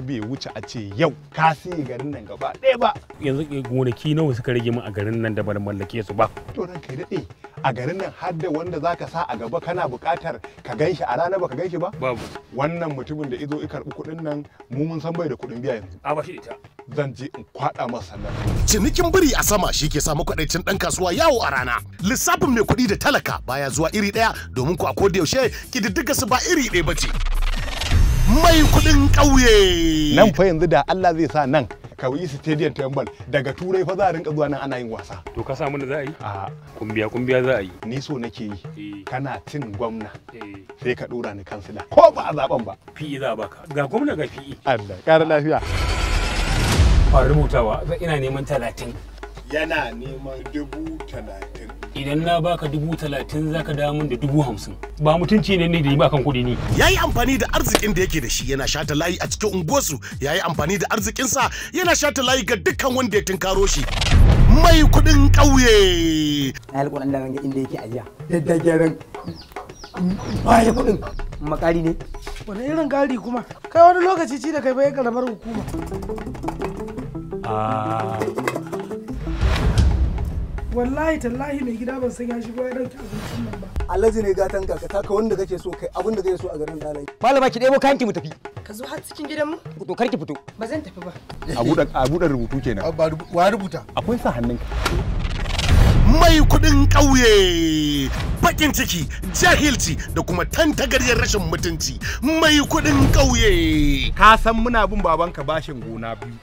bai wuce a ce yau ka siye garin nan gaba ɗaya ba yanzu gonaki nawa suka rage mu a garin nan da ban mallake su ba to ran kai daɗe a garin nan har da wanda zaka sa a gaba kana buƙatar ka ganshi a rana ba ka ganshi ba babu wannan mutumin da izo i karɓi kuɗin nan mu mun san bai da kuɗin biya yanzu a shi ita zan je in kwaɗa masa nan cinikin biri a sama shi ke samu kwaɗaicin ɗan kasuwa yawo a rana lissafin mai kuɗi da talaka baya zuwa iri ɗaya domin ku a koda yaushe ƙididdiga su ba iri ɗaya ba ce mai kudin ƙauye. Nan fa yanzu da Allah zai sa nan ka yi stadium tambal daga turai fa za a rinka zuwa nan ana yin wasa. To ka samu da za a yi? A kumbiya kumbiya za a yi. Ni so nake yi. Eh. Kana tin gwamna. Eh. Sai ka dora ni kansila. Ko ba a zaben ba. Fi za a baka. Ga gwamna ga fi. Allah ƙara lafiya. Ba rubutawa ina neman talatin. yana neman dubu talatin idan na baka dubu talatin zaka dawo min da dubu hamsin ba mutunci ne ne da yi kan kuɗi ne ya yi amfani da arzikin da yake da shi yana shata layi a cikin unguwarsu ya yi amfani da arzikinsa yana shata layi ga dukkan wanda ya tunkaro shi mai kuɗin ƙauye na yi alƙunan da inda yake ajiya da gyaran baya kuɗin makari ne wani irin gari kuma kai wani lokaci ci da kai bai karamar hukuma ah. wallahi tallahi mai gida ban san ya shigo ya dauki abincin nan ba alhaji ne gatan ka taka wanda kake so kai abin da kake so a garin dalai malama ki debo kayan ki mu tafi ka zo har cikin gidan mu to karki ki fito ba zan tafi ba a buɗe a buɗe rubutu kenan wa rubuta akwai sa hannunka mai kudin ƙauye bakin ciki jahilci da kuma tantagaryar rashin mutunci mai kudin ƙauye ka san muna bin babanka bashin gona biyu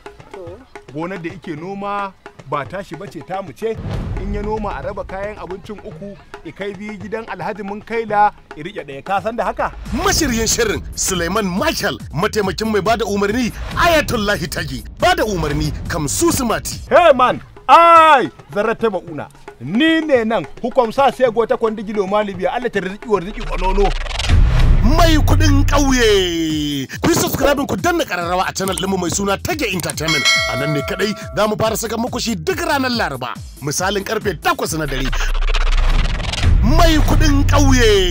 gonar da yake noma ba tashi bace mu ce in ya noma a raba kayan abincin uku i kai biyu gidan alhaji mun kai kaila i riƙe ɗaya ka san da haka mashiryin shirin suleiman marshal mataimakin mai bada umarni ayatollahi tagi bada umarni kamsu sumati hey man ai ta ba'una ni ne nan hukumsa sai gota kwandigi lo malibiya allah ta rizki wa rizki mai kuɗin ƙauye. Ku yi subscribe ku danna ƙararrawa a channel ɗinmu mai suna Tage Entertainment. A nan ne kaɗai za mu fara saka muku shi duk ranar Laraba. Misalin ƙarfe takwas na dare. Mai kuɗin ƙauye.